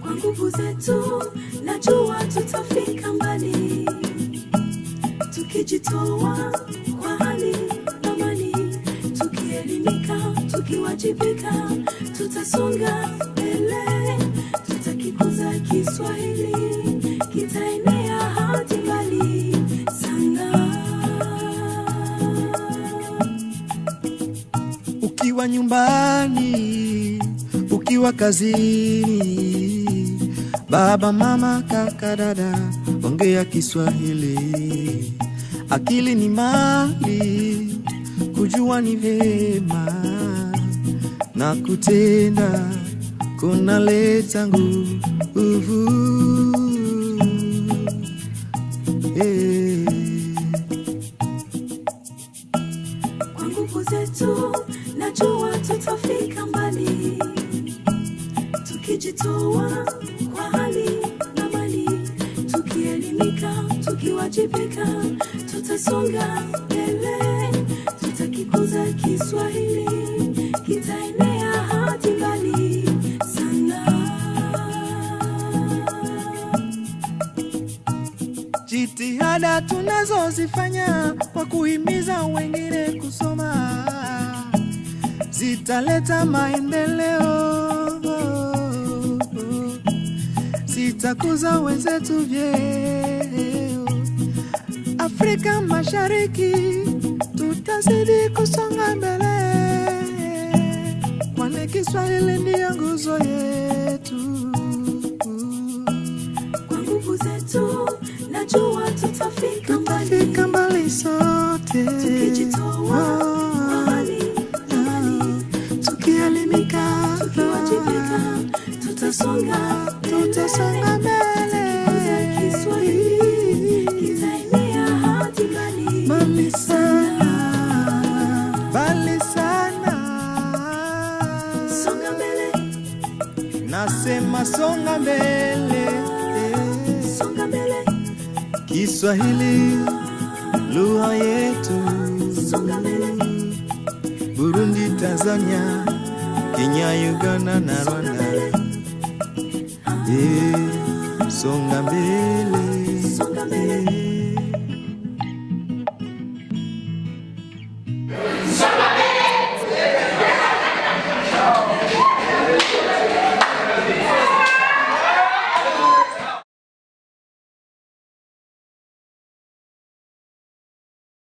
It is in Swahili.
Kwa nguvu zetu najua tutafika mbali, tukijitoa kwa hali amani, tukielimika, tukiwajibika, tutasonga mbele, tutakikuza Kiswahili kitaenea hadi mbali sana. Ukiwa nyumbani ukiwa kazini, baba, mama, kaka, dada, ongea Kiswahili. Akili ni mali, kujua ni vema na kutenda kunaleta nguvu. Hey. Kwa nguvu zetu najua kujitoa kwa hali na mali, tukielimika, tukiwajibika, tutasonga mbele, tutakikuza Kiswahili, kitaenea hadi mbali sana. Jitihada tunazozifanya kwa kuhimiza wengine kusoma zitaleta maendeleo. takuza wenzetu vyeo. Afrika Mashariki tutazidi kusonga mbele, kwani Kiswahili ndiyo nguzo yetu. tutasonga, tutasonga mbele, songa mbele, nasema songa mbele, songa mbele, Kiswahili lugha yetu, songa mbele, Burundi, Tanzania, Kenya, Uganda na Rwanda